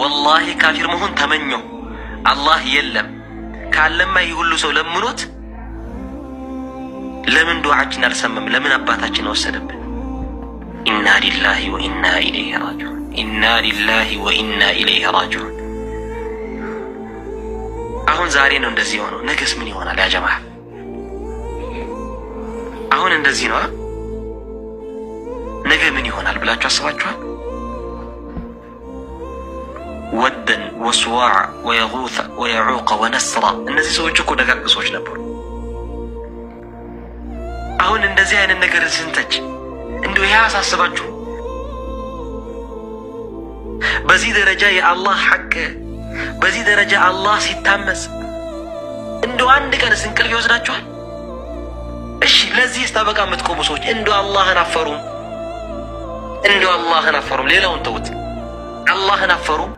ወላሂ ካፊር መሆን ተመኘው አላህ የለም ካለማ ይህ ሁሉ ሰው ለምኖት ለምን ዱዓችን አልሰማም? ለምን አባታችን ወሰደብን? ኢና ሊላሂ ወኢና ኢለይሂ ራጂዑን፣ ኢና ሊላሂ ወኢና ኢለይሂ ራጂዑን። አሁን ዛሬ ነው እንደዚህ የሆነው፣ ነገስ ምን ይሆናል? ያ አሁን እንደዚህ ነው ነገ ምን ይሆናል ብላችሁ አስባችኋል? ወደን ወስዋዕ ወየጉተ ወየዑቀ ወነስራ እነዚህ ሰዎች እኮ ደጋግ ሰዎች ነበሩ። አሁን እንደዚህ አይነት ነገር ስንተች እንዲሁ ይህ አሳስባችሁ በዚህ ደረጃ የአላህ ሐቅ በዚህ ደረጃ አላህ ሲታመጽ እንደው አንድ ቀን እንቅልፍ ይወስዳችኋል? እሺ ለዚህ ስታበቃ የምትቆሙ ሰዎች እንደ አላህን አፈሩም፣ እንደ አላህን አፈሩም። ሌላውን ተውት፣ አላህን አፈሩም።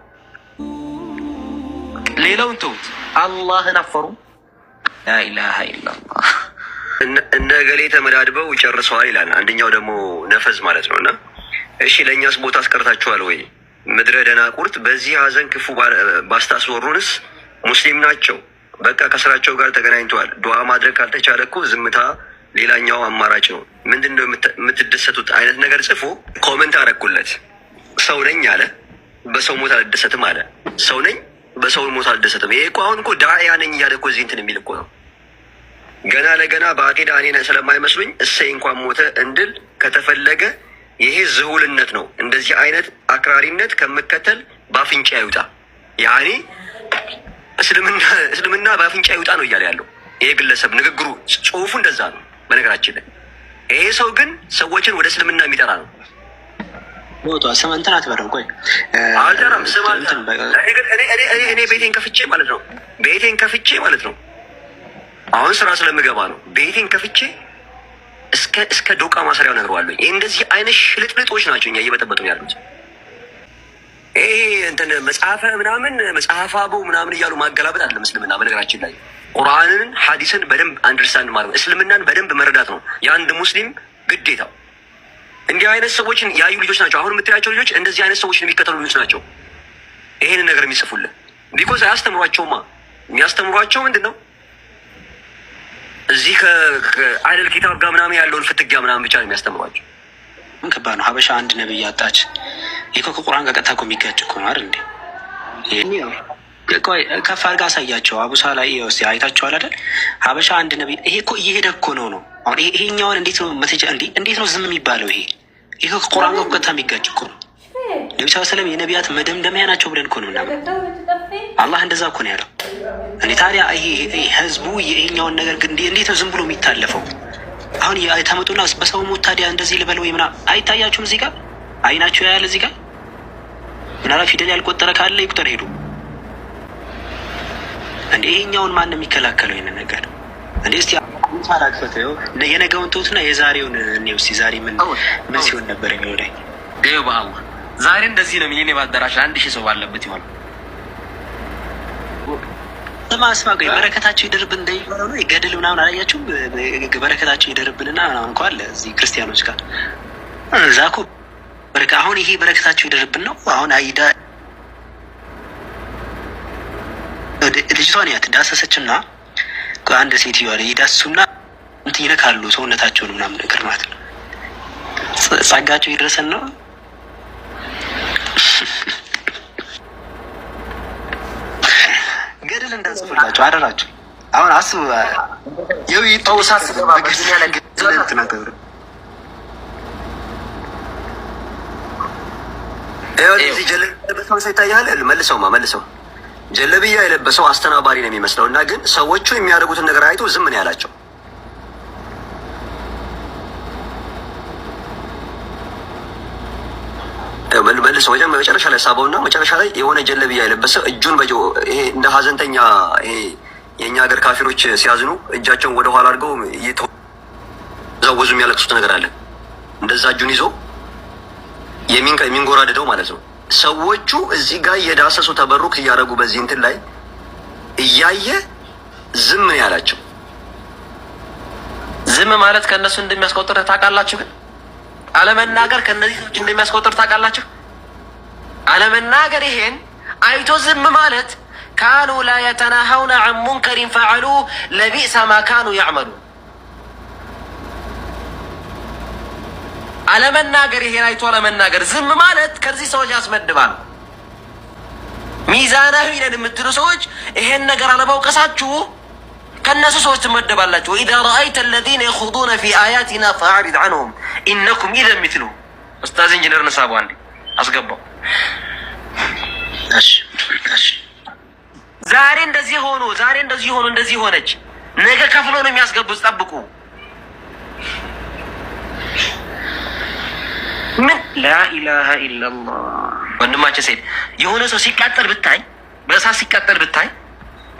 ሌላውን ተውት። አላህን አፈሩ። ላኢላሀ ኢላላህ እነ ገሌ ተመዳድበው ጨርሰዋል ይላል። አንደኛው ደግሞ ነፈዝ ማለት ነው። እና እሺ ለእኛስ ቦታ አስቀርታችኋል ወይ? ምድረ ደናቁርት በዚህ ሀዘን ክፉ ባስታስወሩንስ ሙስሊም ናቸው። በቃ ከስራቸው ጋር ተገናኝተዋል። ዱዓ ማድረግ ካልተቻለ እኮ ዝምታ ሌላኛው አማራጭ ነው። ምንድን ነው የምትደሰቱት? አይነት ነገር ጽፎ ኮመንት አረኩለት። ሰው ነኝ አለ። በሰው ሞት አልደሰትም አለ። ሰው ነኝ በሰው ሞት አልደሰትም። ይሄ እኮ አሁን እኮ ዳያ ነኝ እያለ እኮ እዚህ እንትን የሚል እኮ ነው። ገና ለገና በአቂዳ እኔ ስለማይመስሉኝ እሰይ እንኳን ሞተ እንድል ከተፈለገ ይሄ ዝሁልነት ነው። እንደዚህ አይነት አክራሪነት ከምከተል በአፍንጫ ይውጣ። ያኔ እስልምና እስልምና በአፍንጫ ይውጣ ነው እያለ ያለው ይሄ ግለሰብ ንግግሩ፣ ጽሁፉ እንደዛ ነው። በነገራችን ላይ ይሄ ሰው ግን ሰዎችን ወደ እስልምና የሚጠራ ነው። ሞቷ ስም አትበለው። ቆይ አልጠራም። ቤቴን ከፍቼ ማለት ነው። ቤቴን ከፍቼ ማለት ነው። አሁን ስራ ስለምገባ ነው። ቤቴን ከፍቼ እስከ እስከ ዶቃ ማሰሪያው ነግረዋለሁ። እንደዚህ አይነት ሽልጥልጦች ናቸው እኛ እየበጠበጡ ያሉት። ይሄ እንትን መጽሐፈ ምናምን መጽሐፈ አበው ምናምን እያሉ ማገላበጥ አለ ምስልምና። በነገራችን ላይ ቁርአንን ሐዲስን በደንብ አንደርስታንድ ማድረግ እስልምናን በደንብ መረዳት ነው የአንድ ሙስሊም ግዴታው። እንዲህ አይነት ሰዎችን ያዩ ልጆች ናቸው። አሁን የምትያቸው ልጆች እንደዚህ አይነት ሰዎችን የሚከተሉ ልጆች ናቸው። ይሄንን ነገር የሚጽፉልን ቢኮዝ አያስተምሯቸውማ። የሚያስተምሯቸው ምንድን ነው? እዚህ ከአይደል ኪታብ ጋር ምናምን ያለውን ፍትጊያ ምናምን ብቻ ነው የሚያስተምሯቸው። ምን ከባድ ነው። ሀበሻ አንድ ነብይ አጣች። ይኮ ከቁርአን ጋር ቀጥታ እኮ የሚጋጭ እኮ ነው አይደል እንዴ? ከፍ አድርጋ አሳያቸው። አቡሳ ላይ ስ አይታቸዋል አይደል? ሀበሻ አንድ ነብይ። ይሄ እኮ እየሄደ እኮ ነው ነው አሁን ይሄኛውን እንዴት ነው መተጃ እንዴት ነው ዝም የሚባለው ይሄ ይህ ቁርአን ጋር እኮ የሚጋጭ እኮ ነቢ ሰለም የነቢያት መደምደሚያ ናቸው ብለን እኮ ነው ምናምን አላህ እንደዛ እኮ ነው ያለው። እንዴ ታዲያ ህዝቡ ይሄኛውን ነገር እንዴት ነው ዝም ብሎ የሚታለፈው? አሁን የተመጡና በሰው ሞት ታዲያ እንደዚህ ልበል ወይ ምና አይታያችሁም? እዚህ ጋር አይናችሁ ያያል። እዚህ ጋር ምናላ ፊደል ያልቆጠረ ካለ ይቁጠር ሄዱ። እንዴ ይሄኛውን ማን ነው የሚከላከለው ይህንን ነገር? እንዴ እስቲ ሳላቅፈተው የነገውን ትሁትና የዛሬውን እኔ ውስ ዛሬ ምን ምን ሲሆን ነበር የሚሆነኝ? ይኸው በአዋ ዛሬ እንደዚህ ነው ሚሊኔ በአዳራሽ አንድ ሺህ ሰው ባለበት ይሆን ስማስማ ቆይ በረከታቸው ይደርብን እንደሚባለው ነው። ገድል ምናምን አላያችሁም? በረከታቸው ይደርብንና ምናምን እኮ አለ እዚህ ክርስቲያኖች ጋር እዛ እኮ አሁን ይሄ በረከታቸው ይደርብን ነው። አሁን አይዳ ልጅቷን ያት ዳሰሰችና አንድ ሴትዮዋ ይዳሱና ይልካሉ ሰውነታቸውን ምናምን ነገር ማለት ነው። ጸጋቸው ይድረሰን ነው። ገድል እንዳንጽፍላቸው አደራቸው። አሁን አስብ የው ይጣውሳ አስብ መልሰውማ መልሰው ጀለብያ የለበሰው አስተናባሪ ነው የሚመስለው እና ግን ሰዎቹ የሚያደርጉትን ነገር አይቶ ዝም ነው ያላቸው። መልሶ መጨረሻ ላይ ሳበውና መጨረሻ ላይ የሆነ ጀለብያ የለበሰ እጁን በጆ ይሄ እንደ ሀዘንተኛ ይሄ የእኛ ሀገር ካፊሮች ሲያዝኑ እጃቸውን ወደኋላ አድርገው እየተወዛወዙ የሚያለቅሱት ነገር አለ። እንደዛ እጁን ይዞ የሚንጎራድደው ማለት ነው። ሰዎቹ እዚህ ጋር እየዳሰሱ ተበሩክ እያደረጉ በዚህ እንትን ላይ እያየ ዝም ያላቸው ዝም ማለት ከእነሱ እንደሚያስቆጥር ታውቃላችሁ ግን አለመናገር ከእነዚህ ሰዎች እንደሚያስቆጥር ታውቃላችሁ። አለመናገር ይሄን አይቶ ዝም ማለት ካኑ ላ የተናሀውነ አን ሙንከሪን ፈዓሉ ለቢእሰ ማ ካኑ ያዕመሉ። አለመናገር ይሄን አይቶ አለመናገር ዝም ማለት ከዚህ ሰዎች ያስመድባል። ሚዛናዊ ነን የምትሉ ሰዎች ይሄን ነገር አለማውቀሳችሁ ከእነሱ ሰዎች ትመደባላችሁ። ወኢዛ ረአይተ አለዚነ የኹዱነ ፊ አያቲና ፈአዕሪድ ዐንሁም ኢነኩም ኢዘን ሚትሉ ኡስታዝ ኢንጂነር ነሳቡ አንዴ አስገባው። እሺ እሺ ዛሬ እንደዚህ ሆኖ ዛሬ እንደዚህ ሆኖ እንደዚህ ሆነች፣ ነገ ከፍሎ ነው የሚያስገቡት። ጠብቁ። ምን ላኢላሀ ኢላላህ ወንድማችን ሴት የሆነ ሰው ሲቃጠል ብታይ፣ በእሳት ሲቃጠል ብታይ፣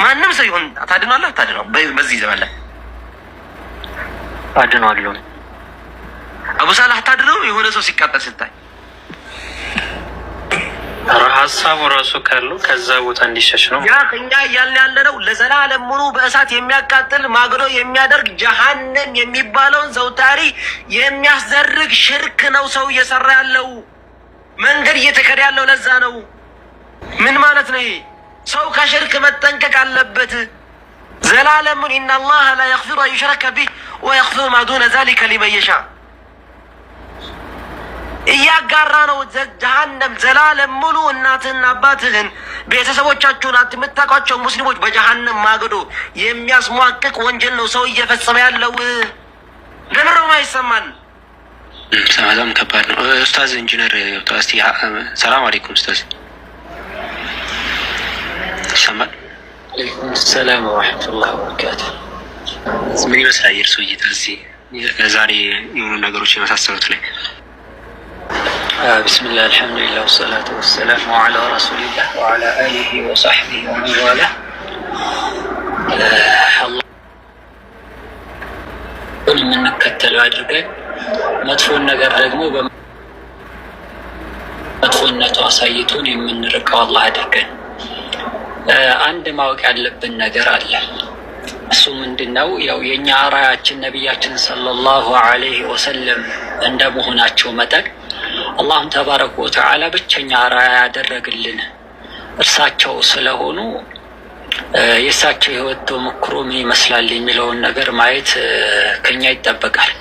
ማንም ሰው ይሁን ታድኗል። ታድኗል በዚህ ዘመን ላይ አድኗል። የሆነ ሰው ሲቃጠል ስታይ ሀሳቡ ራሱ ካለው ከዛ ቦታ እንዲሸሽ ነው። ያ እኛ እያለ ያለ ነው። ለዘላለም ሙሉ በእሳት የሚያቃጥል ማግዶ የሚያደርግ ጀሀነም የሚባለውን ዘውታሪ የሚያስደርግ ሽርክ ነው ሰው እየሰራ ያለው መንገድ እየተከደ ያለው ለዛ ነው። ምን ማለት ነው? ሰው ከሽርክ መጠንቀቅ አለበት። ዘላለሙን ኢናላህ ላ የግፊሩ አንዩሽረከ ቢህ ወየግፊሩ ማ ዱነ ዛሊከ ሊመን የሻእ እያጋራ ነው። ጀሃነም ዘላለም ሙሉ እናትህን አባትህን ቤተሰቦቻችሁን የምታውቋቸው ሙስሊሞች በጀሃነም ማገዶ የሚያስሟቅቅ ወንጀል ነው ሰው እየፈጸመ ያለው። ለምረም አይሰማን። በጣም ከባድ ነው። ኡስታዝ ኢንጂነር ስ ሰላም አለይኩም ኡስታዝ ይሰማል። ሰላም ረመቱላ ወበረካቱ። ምን ይመስላል የእርሶ እይታ እዚህ ዛሬ የሆኑ ነገሮች የመሳሰሉት ላይ ቢስሚላህ አልሐምዱሊላህ ወሰላቱ ወሰላሙ አላ ረሱሊላህ ወአላ አሊሂ ወሳሕቢሂ ወመን ዋላህ። የምንከተለው አድርገን መጥፎን ነገር ደግሞ በመጥፎነቱ አሳይቶን የምንርቀው አላህ አድርገን። አንድ ማወቅ ያለብን ነገር አለ። እሱ ምንድን ነው? ያው የእኛ አርአያችን ነቢያችን ሰለላሁ አለይህ ወሰለም እንደመሆናቸው መጠን አላህም ተባረከ ወተዓላ ብቸኛ አርአያ ያደረግልን እርሳቸው ስለሆኑ የእሳቸው ህይወት ተሞክሮ ምን ይመስላል የሚለውን ነገር ማየት ከኛ ይጠበቃል።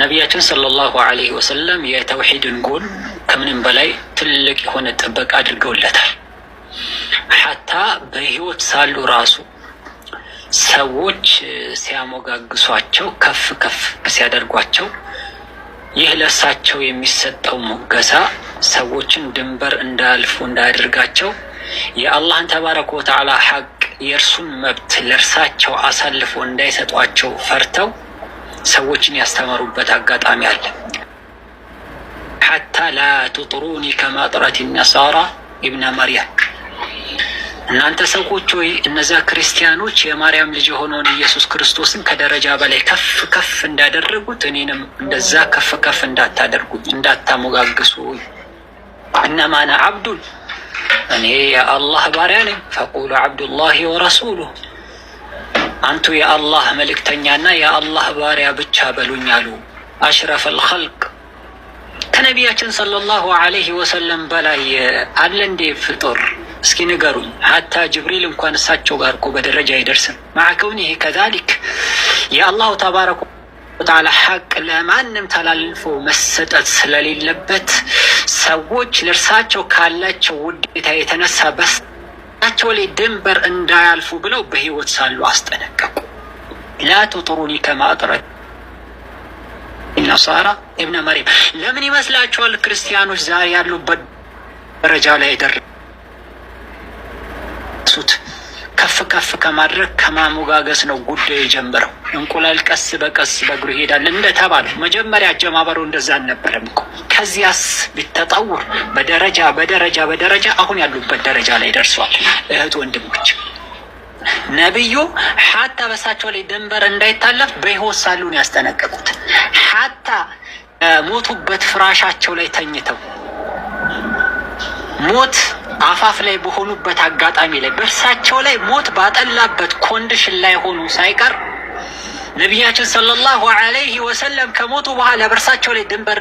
ነቢያችን ሰለላሁ አለይህ ወሰለም የተውሂድን ጎን ከምንም በላይ ትልቅ የሆነ ጥበቃ አድርገውለታል። ሀታ በህይወት ሳሉ ራሱ ሰዎች ሲያሞጋግሷቸው ከፍ ከፍ ሲያደርጓቸው ይህ ለእሳቸው የሚሰጠው ሙገሳ ሰዎችን ድንበር እንዳያልፉ እንዳያደርጋቸው የአላህን ተባረከ ወተዓላ ሐቅ የእርሱን መብት ለእርሳቸው አሳልፎ እንዳይሰጧቸው ፈርተው ሰዎችን ያስተማሩበት አጋጣሚ አለ። ሐታ ላ ቱጥሩኒ ከማጥረት ነሳራ ኢብነ መርያም እናንተ ሰዎች ሆይ እነዚያ ክርስቲያኖች የማርያም ልጅ የሆነውን ኢየሱስ ክርስቶስን ከደረጃ በላይ ከፍ ከፍ እንዳደረጉት እኔንም እንደዛ ከፍ ከፍ እንዳታደርጉት እንዳታሞጋግሱ። እነማነ አብዱን እኔ የአላህ ባሪያ ነኝ። ፈቁሉ አብዱላሂ ወረሱሉ አንቱ የአላህ መልእክተኛና የአላህ ባሪያ ብቻ በሉኝ አሉ። አሽረፈል አልኸልቅ ከነቢያችን ሰለላሁ አለይህ ወሰለም በላይ አለ እንዴ ፍጡር እስኪ ንገሩኝ። ሀታ ጅብሪል እንኳን እሳቸው ጋር እኮ በደረጃ አይደርስም። ማዕከውን ይሄ ከዛሊክ የአላሁ ተባረኩ ወተዓላ ሀቅ ለማንም ተላልፎ መሰጠት ስለሌለበት ሰዎች ለእርሳቸው ካላቸው ውዴታ የተነሳ በሳቸው ላይ ድንበር እንዳያልፉ ብለው በህይወት ሳሉ አስጠነቀቁ። ላ ቱጥሩኒ ነሳራ እብነ መሪም ለምን ይመስላችኋል ክርስቲያኖች ዛሬ ያሉበት ደረጃ ላይ ደረ የሚቀንሱት። ከፍ ከፍ ከማድረግ ከማሞጋገስ ነው ጉዳዩ የጀመረው። እንቁላል ቀስ በቀስ በእግሩ ይሄዳል እንደተባለው መጀመሪያ አጀማመሩ እንደዛ አልነበረም እኮ። ከዚያስ ቢተጣውር በደረጃ በደረጃ በደረጃ አሁን ያሉበት ደረጃ ላይ ደርሷል። እህት ወንድሞች ነቢዩ ሀታ በሳቸው ላይ ድንበር እንዳይታለፍ በሕይወት ሳሉን ያስጠነቀቁት ሀታ ሞቱበት ፍራሻቸው ላይ ተኝተው ሞት አፋፍ ላይ በሆኑበት አጋጣሚ ላይ በእርሳቸው ላይ ሞት ባጠላበት ኮንዲሽን ላይ ሆኑ ሳይቀር ነቢያችን ሰለላሁ ዐለይሂ ወሰለም ከሞቱ በኋላ በእርሳቸው ላይ ድንበር